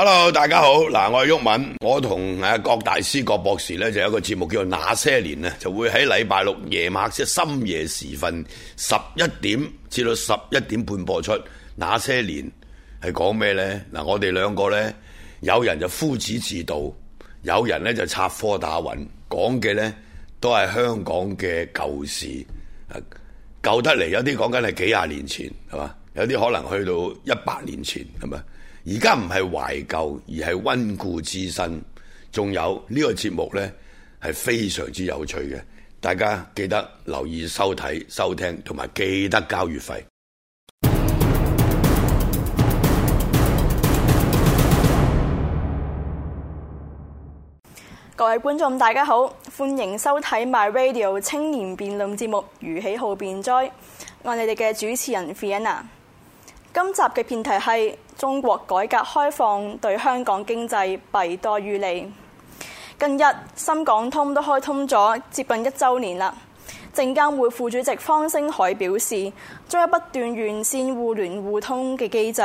hello，大家好，嗱，我係毓民，我同誒、啊、郭大師、郭博士咧，就有一個節目叫做《那些年》咧，就會喺禮拜六夜晚即深夜時分十一點至到十一點半播出。那些年係講咩呢？嗱，我哋兩個呢，有人就夫子自道，有人呢就插科打諢，講嘅呢都係香港嘅舊事，誒，舊得嚟，有啲講緊係幾廿年前，係嘛？有啲可能去到一百年前，係咪？而家唔係懷舊，而係溫故知新。仲有呢、呢個節目呢，係非常之有趣嘅。大家記得留意收睇、收聽，同埋記得交月費。各位觀眾，大家好，歡迎收睇《My Radio 青年辯論節目》予豈好辯哉，我係你哋嘅主持人 Vienna。今集嘅辯題係中國改革開放對香港經濟弊多於利。近日深港通都開通咗，接近一週年啦。證監會副主席方星海表示，將不斷完善互聯互通嘅機制，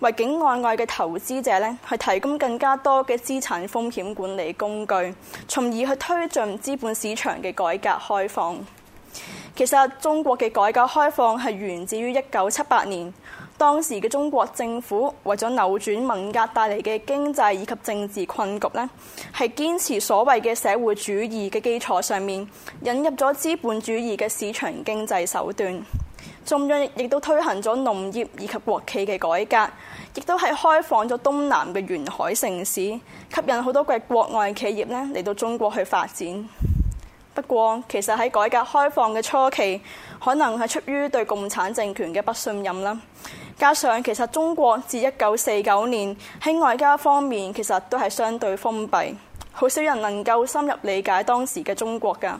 為境外嘅投資者咧係提供更加多嘅資產風險管理工具，從而去推進資本市場嘅改革開放。其實中國嘅改革開放係源自於一九七八年。當時嘅中國政府為咗扭轉文革帶嚟嘅經濟以及政治困局呢，係堅持所謂嘅社會主義嘅基礎上面，引入咗資本主義嘅市場經濟手段，中央亦都推行咗農業以及國企嘅改革，亦都係開放咗東南嘅沿海城市，吸引好多嘅國外企業呢嚟到中國去發展。不過，其實喺改革開放嘅初期，可能係出於對共產政權嘅不信任啦，加上其實中國自一九四九年喺外交方面其實都係相對封閉，好少人能夠深入理解當時嘅中國㗎。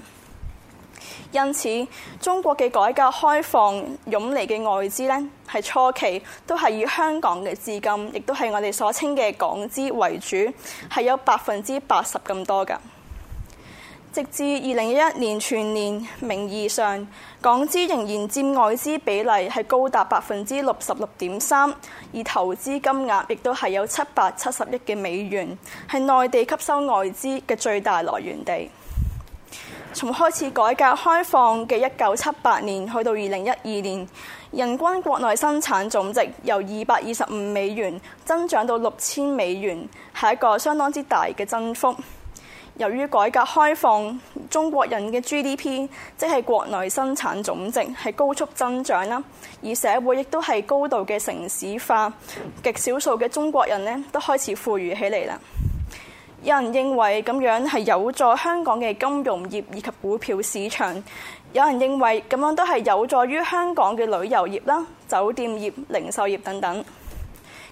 因此，中國嘅改革開放湧嚟嘅外資呢，係初期都係以香港嘅資金，亦都係我哋所稱嘅港資為主，係有百分之八十咁多㗎。直至二零一一年全年，名義上港資仍然佔外資比例係高達百分之六十六點三，而投資金額亦都係有七百七十億嘅美元，係內地吸收外資嘅最大來源地。從開始改革開放嘅一九七八年去到二零一二年，人均國內生產總值由二百二十五美元增長到六千美元，係一個相當之大嘅增幅。由於改革開放，中國人嘅 GDP，即係國內生產總值，係高速增長啦，而社會亦都係高度嘅城市化，極少數嘅中國人呢，都開始富裕起嚟啦。有人認為咁樣係有助香港嘅金融業以及股票市場；有人認為咁樣都係有助於香港嘅旅遊業啦、酒店業、零售業等等。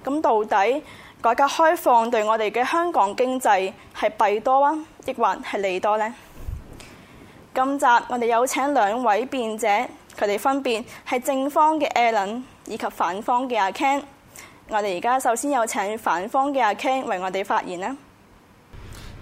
咁到底，改革開放對我哋嘅香港經濟係弊多啊，抑或係利多呢？今集我哋有請兩位辯者，佢哋分別係正方嘅 Allen 以及反方嘅阿 Ken。我哋而家首先有請反方嘅阿 Ken 為我哋發言啦。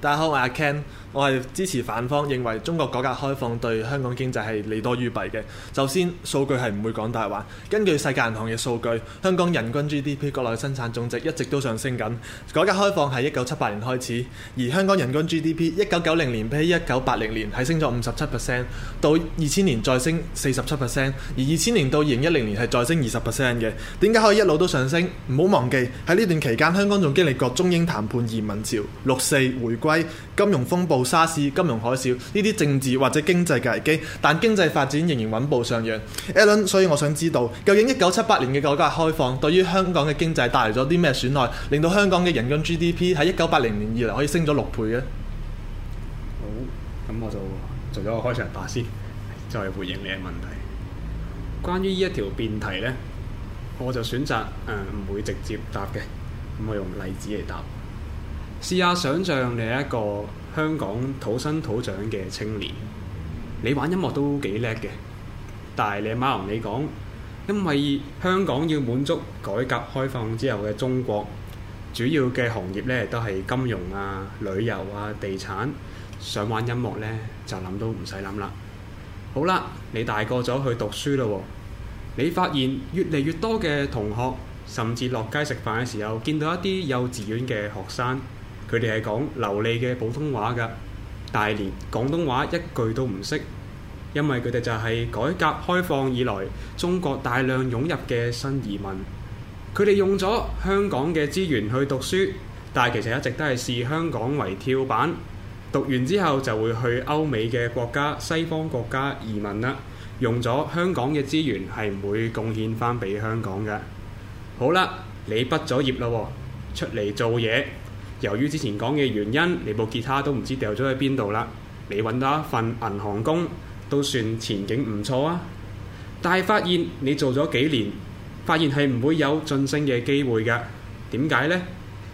大家好，我係阿 Ken，我係支持反方，認為中國改革開放對香港經濟係利多於弊嘅。首先數據係唔會講大話，根據世界銀行嘅數據，香港人均 GDP 國內生產總值一直都上升緊。改革開放係一九七八年開始，而香港人均 GDP 一九九零年比起一九八零年係升咗五十七 percent，到二千年再升四十七 percent，而二千年到二零一零年係再升二十 percent 嘅。點解可以一路都上升？唔好忘記喺呢段期間，香港仲經歷過中英談判、移民潮、六四、回歸。金融風暴、沙士、金融海嘯，呢啲政治或者經濟嘅危機，但經濟發展仍然穩步上揚。Alan，所以我想知道，究竟一九七八年嘅改革開放對於香港嘅經濟帶嚟咗啲咩損害，令到香港嘅人均 GDP 喺一九八零年以嚟可以升咗六倍嘅？好，咁我就做咗個開場白先，再回應你嘅問題。關於呢一條辯題呢，我就選擇呃、唔會直接答嘅，咁我用例子嚟答。試下想像，你係一個香港土生土長嘅青年，你玩音樂都幾叻嘅。但係你阿媽同你講，因為香港要滿足改革開放之後嘅中國，主要嘅行業呢都係金融啊、旅遊啊、地產。想玩音樂呢，就諗都唔使諗啦。好啦，你大個咗去讀書啦。你發現越嚟越多嘅同學，甚至落街食飯嘅時候，見到一啲幼稚園嘅學生。佢哋係講流利嘅普通話㗎，但係連廣東話一句都唔識，因為佢哋就係改革開放以來中國大量湧入嘅新移民。佢哋用咗香港嘅資源去讀書，但係其實一直都係視香港為跳板，讀完之後就會去歐美嘅國家、西方國家移民啦。用咗香港嘅資源係唔會貢獻返俾香港嘅。好啦，你畢咗業啦，出嚟做嘢。由於之前講嘅原因，你部吉他都唔知掉咗喺邊度啦。你揾到一份銀行工，都算前景唔錯啊。但係發現你做咗幾年，發現係唔會有晉升嘅機會嘅。點解呢？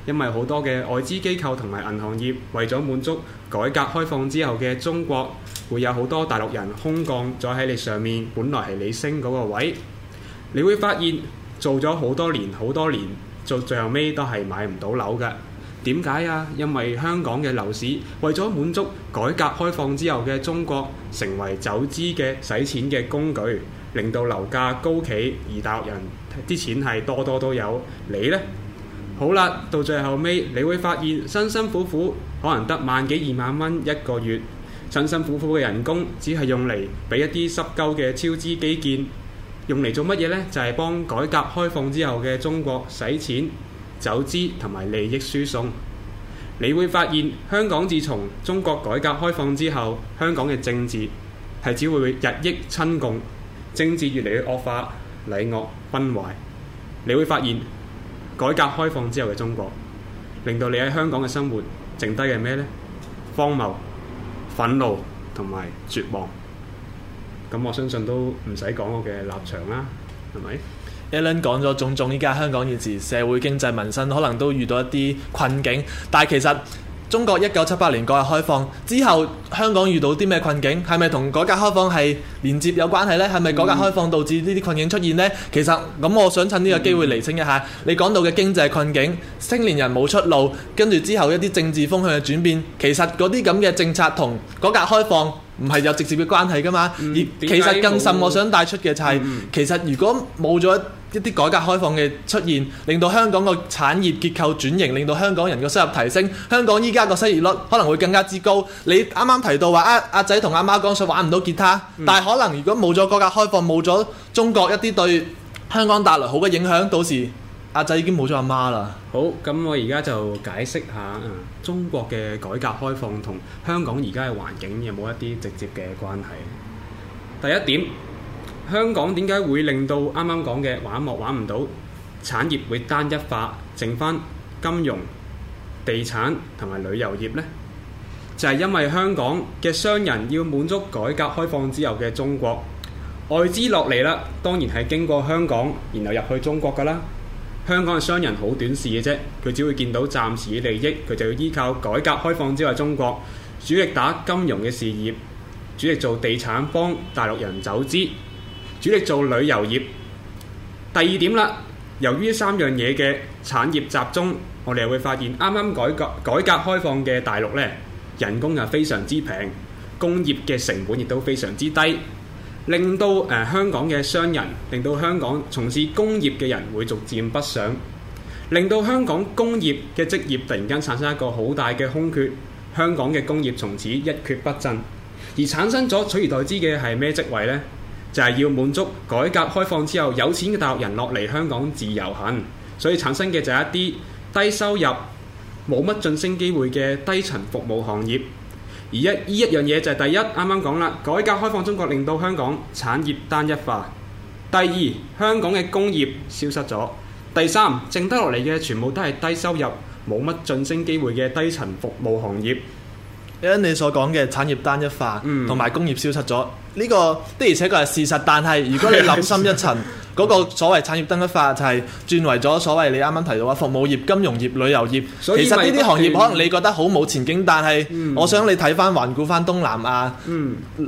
因為好多嘅外資機構同埋銀行業為咗滿足改革開放之後嘅中國，會有好多大陸人空降咗喺你上面，本來係你升嗰個位，你會發現做咗好多年、好多年，做最後尾都係買唔到樓嘅。點解啊？因為香港嘅樓市為咗滿足改革開放之後嘅中國成為走資嘅洗錢嘅工具，令到樓價高企，而大陸人啲錢係多多都有。你呢？好啦，到最後尾，你會發現辛辛苦苦可能得萬幾二萬蚊一個月，辛辛苦苦嘅人工只係用嚟俾一啲濕鳩嘅超支基建，用嚟做乜嘢呢？就係、是、幫改革開放之後嘅中國洗錢。走資同埋利益輸送，你會發現香港自從中國改革開放之後，香港嘅政治係只會日益親共，政治越嚟越惡化、禮崩樂壞。你會發現改革開放之後嘅中國，令到你喺香港嘅生活剩低嘅咩呢？荒謬、憤怒同埋絕望。咁我相信都唔使講我嘅立場啦，係咪？Allen 講咗種種，依家香港現時社會經濟民生可能都遇到一啲困境，但係其實中國一九七八年改革開放之後，香港遇到啲咩困境，係咪同改革開放係連接有關係咧？係咪改革開放導致呢啲困境出現呢？其實咁，我想趁呢個機會釐清一下，嗯、你講到嘅經濟困境、青年人冇出路，跟住之後一啲政治風向嘅轉變，其實嗰啲咁嘅政策同改革開放唔係有直接嘅關係㗎嘛？嗯、而其實更甚，我想帶出嘅就係、是，嗯、其實如果冇咗一啲改革開放嘅出現，令到香港個產業結構轉型，令到香港人個收入提升。香港依家個失業率可能會更加之高。你啱啱提到話阿阿仔同阿媽講想玩唔到吉他，但係可能如果冇咗改革開放，冇咗、嗯、中國一啲對香港帶來好嘅影響，到時阿、啊、仔已經冇咗阿媽啦。好，咁我而家就解釋下，中國嘅改革開放同香港而家嘅環境有冇一啲直接嘅關係。第一點。香港點解會令到啱啱講嘅玩幕玩唔到產業會單一化，剩返金融、地產同埋旅遊業呢？就係因為香港嘅商人要滿足改革開放之後嘅中國外資落嚟啦，當然係經過香港然後入去中國噶啦。香港嘅商人好短視嘅啫，佢只會見到暫時利益，佢就要依靠改革開放之後嘅中國主力打金融嘅事業，主力做地產幫大陸人走資。主力做旅遊業。第二點啦，由於三樣嘢嘅產業集中，我哋又會發現，啱啱改革改革開放嘅大陸呢，人工又非常之平，工業嘅成本亦都非常之低，令到誒、呃、香港嘅商人，令到香港從事工業嘅人會逐漸北上，令到香港工業嘅職業突然間產生一個好大嘅空缺，香港嘅工業從此一蹶不振，而產生咗取而代之嘅係咩職位呢？就係要滿足改革開放之後有錢嘅大陸人落嚟香港自由行，所以產生嘅就係一啲低收入、冇乜晉升機會嘅低層服務行業。而一呢一樣嘢就係第一，啱啱講啦，改革開放中國令到香港產業單一化。第二，香港嘅工業消失咗。第三，剩低落嚟嘅全部都係低收入、冇乜晉升機會嘅低層服務行業。一，你所講嘅產業單一化，同埋工業消失咗。呢個的而且確係事實，但係如果你諗深一層。 嗰個所謂產業單一化就係轉為咗所謂你啱啱提到話服務業、金融業、旅遊業。其實呢啲行業可能你覺得好冇前景，但係我想你睇翻環顧翻東南亞、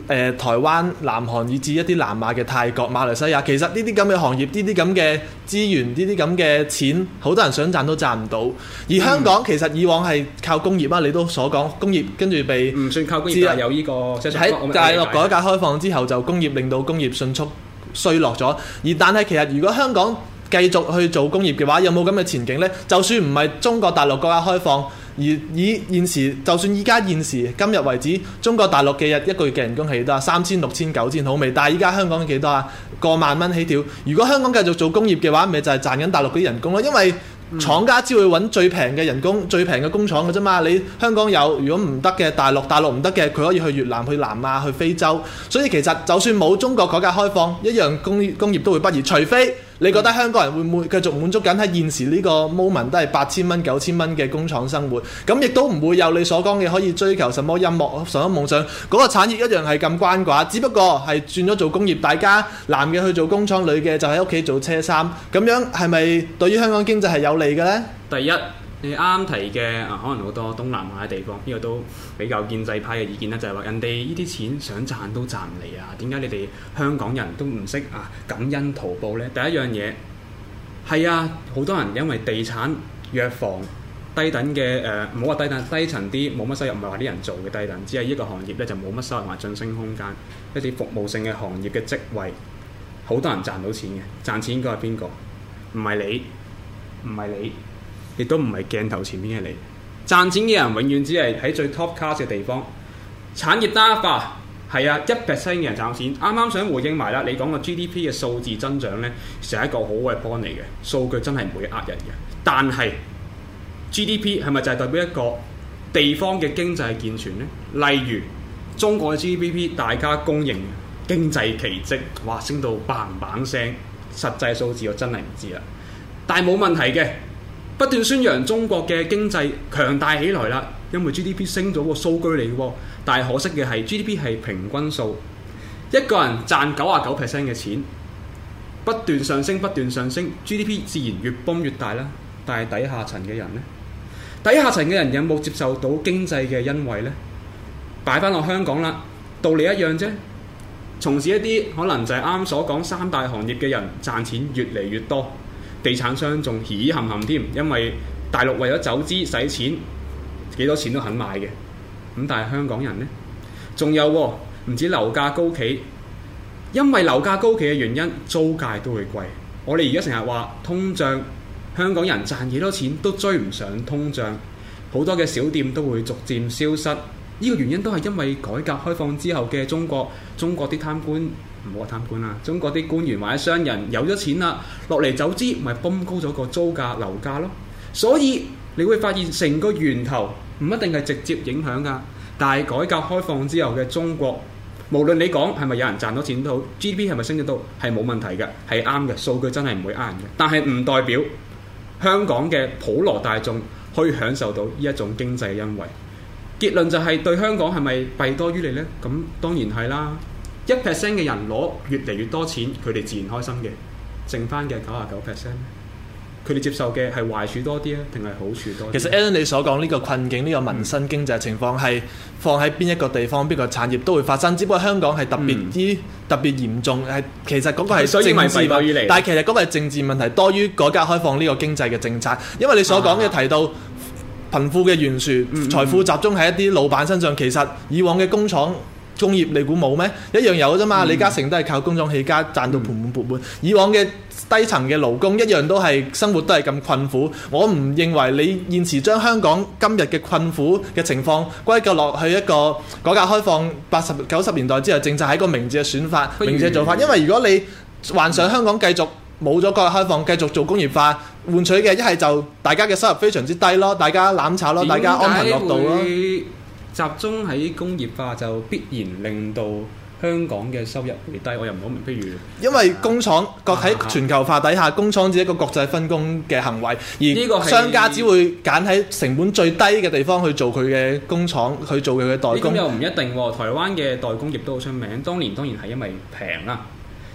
誒台灣、南韓以至一啲南亞嘅泰國、馬來西亞。其實呢啲咁嘅行業、呢啲咁嘅資源、呢啲咁嘅錢，好多人想賺都賺唔到。而香港其實以往係靠工業啦，你都所講工業跟住被唔算靠工業有呢個喺大陸改革開放之後，就工業令到工業迅速。衰落咗，而但係其實如果香港繼續去做工業嘅話，有冇咁嘅前景呢？就算唔係中國大陸國家開放，而以現時就算依家現時今日為止，中國大陸嘅日一個月嘅人工係幾多啊？三千六千九千好未？但係依家香港幾多啊？過萬蚊起跳。如果香港繼續做工業嘅話，咪就係、是、賺緊大陸嗰啲人工咯，因為。嗯、廠家只會揾最平嘅人工、最平嘅工廠嘅啫嘛，你香港有，如果唔得嘅大陸，大陸唔得嘅，佢可以去越南、去南亞、去非洲，所以其實就算冇中國改革開放，一樣工業工業都會不熱，除非。你覺得香港人會唔會繼續滿足緊喺現時呢個 moment 都係八千蚊、九千蚊嘅工廠生活？咁亦都唔會有你所講嘅可以追求什麼音樂、什麼夢想嗰、那個產業一樣係咁關掛，只不過係轉咗做工業，大家男嘅去做工廠，女嘅就喺屋企做車衫。咁樣係咪對於香港經濟係有利嘅咧？第一。你啱啱提嘅啊，可能好多東南亞嘅地方，呢個都比較建制派嘅意見呢就係話人哋呢啲錢想賺都賺唔嚟啊！點解你哋香港人都唔識啊感恩圖報呢？第一樣嘢係啊，好多人因為地產、藥房低等嘅誒，唔好話低等低層啲冇乜收入，唔係話啲人做嘅低等，只係呢個行業呢就冇乜收入同埋晉升空間。一啲服務性嘅行業嘅職位，好多人賺到錢嘅，賺錢應該係邊個？唔係你，唔係你。亦都唔係鏡頭前面嘅你賺錢嘅人，永遠只係喺最 top class 嘅地方產業單化，係啊，一 percent 嘅人賺錢。啱啱想回應埋啦，你講個 GDP 嘅數字增長呢，成一個好嘅 point 嚟嘅數據真係唔會呃人嘅。但係 GDP 係咪就係代表一個地方嘅經濟健全呢？例如中國嘅 GDP，大家公認經濟奇蹟，哇升到棒棒聲，實際數字我真係唔知啦，但係冇問題嘅。不斷宣揚中國嘅經濟強大起來啦，因為 GDP 升咗個數據嚟嘅，但係可惜嘅係 GDP 係平均數，一個人賺九十九 percent 嘅錢，不斷上升不斷上升，GDP 自然越崩越大啦。但係底下層嘅人呢？底下層嘅人有冇接受到經濟嘅恩惠呢？擺翻落香港啦，道理一樣啫。從事一啲可能就係啱啱所講三大行業嘅人，賺錢越嚟越多。地產商仲喜含含添，因為大陸為咗走資使錢，幾多錢都肯買嘅。咁但係香港人呢？仲有唔止樓價高企，因為樓價高企嘅原因，租價都會貴。我哋而家成日話通脹，香港人賺幾多錢都追唔上通脹，好多嘅小店都會逐漸消失。呢個原因都係因為改革開放之後嘅中國，中國啲貪官。唔好話貪官啦！中國啲官員或者商人有咗錢啦，落嚟走資，咪崩高咗個租價樓價咯。所以你會發現成個源頭唔一定係直接影響噶。但係改革開放之後嘅中國，無論你講係咪有人賺到錢都好，GDP 係咪升得到，係冇問題嘅，係啱嘅，數據真係唔會呃人嘅。但係唔代表香港嘅普羅大眾可以享受到呢一種經濟嘅恩惠。結論就係、是、對香港係咪弊多於利呢？咁當然係啦。一 percent 嘅人攞越嚟越多錢，佢哋自然開心嘅。剩翻嘅九十九 percent，佢哋接受嘅係壞處多啲啊，定係好處多啲？其實 Allen 你所講呢、呢個困境、呢、呢個民生經濟情況係放喺邊一個地方、邊、嗯、個產業都會發生，只不過香港係特別啲、嗯、特別嚴重。係其實嗰個係政、政治問題，但其實嗰個係政治問題多於改革開放呢個經濟嘅政策。因為你所講嘅提到貧富嘅懸殊、啊、財富集中喺一啲老闆身上，嗯嗯、其實以往嘅工廠。工業你估冇咩？一樣有啫嘛！李嘉誠都係靠工廠起家，賺到盆滿缽滿。以往嘅低層嘅勞工一樣都係生活都係咁困苦。我唔認為你現時將香港今日嘅困苦嘅情況歸咎落去一個改革開放八十九十年代之後，政策係一個明智嘅選法、明智嘅做法。因為如果你幻想香港繼續冇咗改革開放，繼續做工業化換取嘅，一係就大家嘅收入非常之低咯，大家攬炒咯，大家安貧樂道咯。集中喺工業化就必然令到香港嘅收入會低，我又唔好明，不如因為工廠各喺全球化底下，啊、工廠只係一個國際分工嘅行為，而呢個商家只會揀喺成本最低嘅地方去做佢嘅工廠，去做佢嘅代工。又唔一定喎，台灣嘅代工業都好出名，當年當然係因為平啦，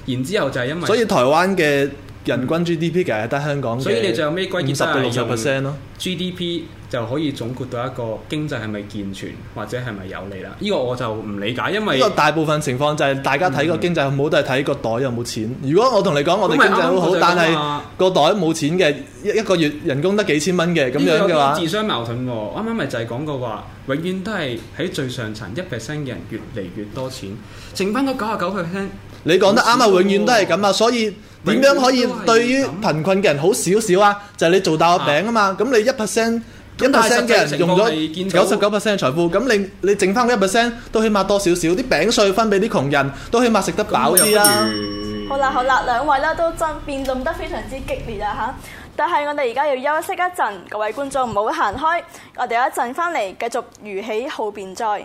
然之後就係因為所以台灣嘅。人均 GDP 其實係，得香港嘅五十到六十 percent 咯。嗯、GDP 就可以總括到一個經濟係咪健全或者係咪有利啦？呢、呢個我就唔理解，因為,因為大部分情況就係大家睇個經濟好唔好、嗯、都係睇個袋有冇錢。如果我同你講我哋經濟好好，剛剛但係個袋冇錢嘅，一一個月人工得幾千蚊嘅咁樣嘅話，自相矛盾。啱啱咪就係講過話，永遠都係喺最上層一 percent 嘅人越嚟越多錢，剩翻嗰九十九 percent。你講得啱啊，永遠都係咁啊，所以點樣可以對於貧困嘅人好少少啊？就係、是、你做大餅啊嘛，咁你一 percent 一 percent 嘅人用咗九十九 percent 嘅財富，咁你你剩翻一 percent 都起碼多少少，啲餅碎分俾啲窮人都起碼食得飽啲、啊嗯、啦。好啦好啦，兩位咧都真辯論得非常之激烈啊嚇！但係我哋而家要休息一陣，各位觀眾唔好行開，我哋一陣翻嚟繼續予豈好辯哉。